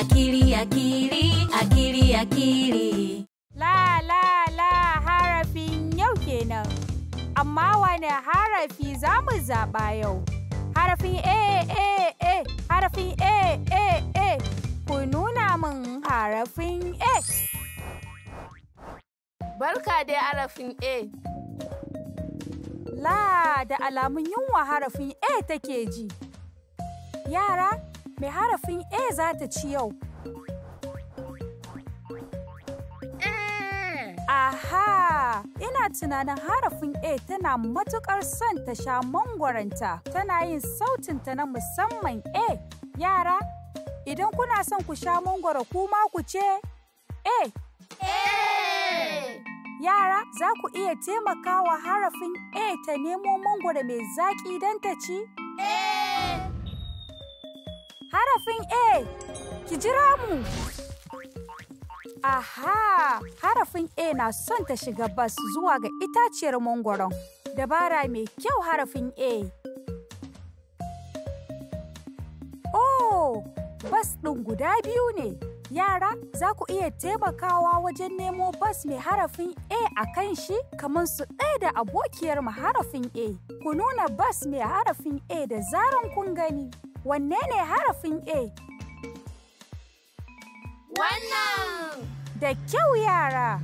akili akili akili akili la la la harafin yau kenan amma wane harafi za mu zaɓa yau harafin a a a harafin a a a ku nuna min harafin a barka dai harafin a la da alamun yunwa harafin a take ji yara Mai harafin A za ta ci yau? Eh. Aha! Ina tunanin harafin A tana matuƙar son ta sha mangwaranta, tana yin sautinta na musamman A. Yara, idan kuna son ku sha mangwaro kuma ku ce A. A! Yara, za ku iya taimakawa harafin A ta nemo mangwaro mai zaƙi don ta ci? A! Harafin A, ki jira mu. Aha, harafin A na son ta shiga bas zuwa ga itaciyar mangoron. Dabara mai kyau harafin A. Oh, bas ɗin guda biyu ne. Yara, za ku iya taimakawa wajen nemo bas mai harafin A a kan shi kamar su ɗaya da abokiyar harafin A. Ku nuna bas mai harafin A da zaran kun gani. Wanne ne harafin A? Wannan! Da kyau yara!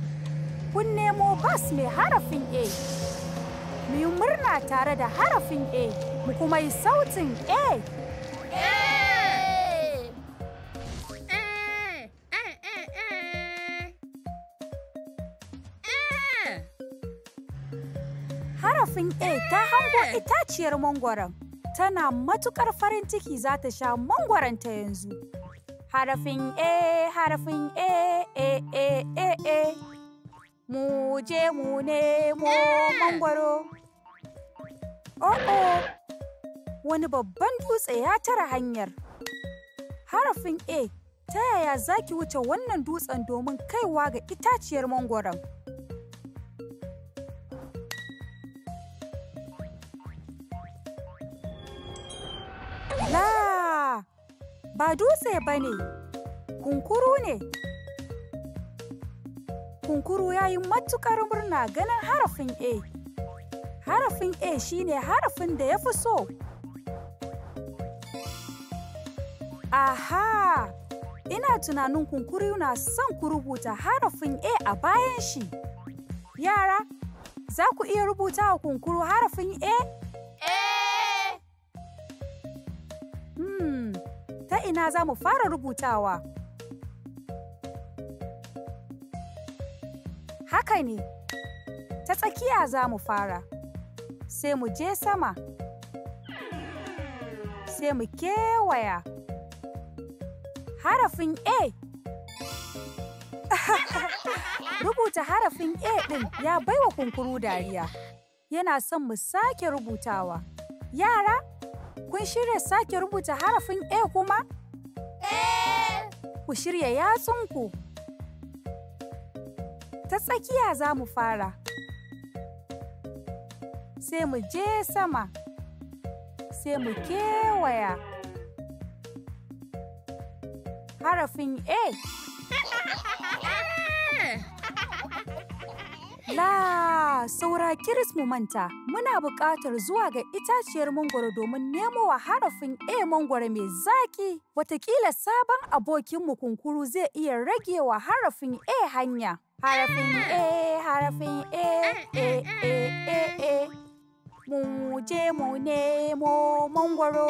Kun nemo bas mai harafin A. Mu yi murna tare da harafin A, mu kuma yi sautin A. harafin A ta hango eh. itaciyar mangwaron. Tana matuƙar farin ciki za ta sha mangwaron ta yanzu. Harafin A, harafin A, A, A, A, A. Mu je mu nemo eh. mangwaro. Oh, oh. Wani babban dutse ya tara hanyar. Harafin A, ta yaya za ki wuce wannan dutsen domin kaiwa ga itaciyar mangwaron? ba dutse ba ne kunkuru ne kunkuru ya yi matukar murna ganin harafin a harafin a shine harafin da ya fi so aha ina tunanin kunkuru na son ku rubuta harafin a a bayan shi yara za ku iya rubuta wa kunkuru harafin a ta ina za mu fara rubutawa? Haka ne, ta tsakiya za mu fara, sai mu je sama, sai mu kewaya. Harafin A Rubuta harafin A ɗin ya baiwa kunkuru dariya, yana son mu sake rubutawa. Yara, Kun shirya sake rubuta harafin A kuma? Ku shirya yatsunku. Ta tsakiya za mu fara. Sai mu je sama. Sai mu kewaya. Harafin A. La, saura kiris mu manta, muna buƙatar zuwa ga itaciyar mangoro domin nemo wa harafin A mangoro mai zaki. Wataƙila sabon abokinmu kunkuru zai iya rage wa harafin A hanya. Harafin A, harafin A, A, A, A, A. Mu je mu nemo mangoro.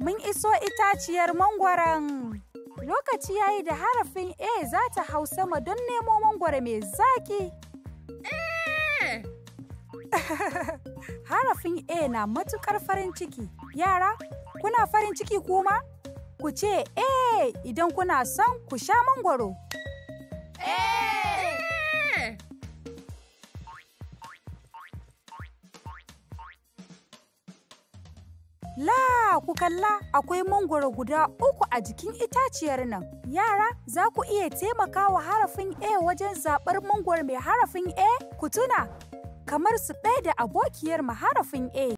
Mun iso itaciyar mangoron. Lokaci ya yi da harafin A za ta hau sama don nemo mangwaro mai zaƙi. harafin A na matuƙar farin ciki. Yara, kuna farin ciki kuma? Ku ce A idan kuna son ku sha mangwaro. Eh! La ku kalla akwai mangoro guda uku a jikin itaciyar nan. Yara za ku iya taimakawa harafin A wajen zaɓar mangoro mai harafin A? Ku tuna, kamar su ɗaya da abokiyar harafin A.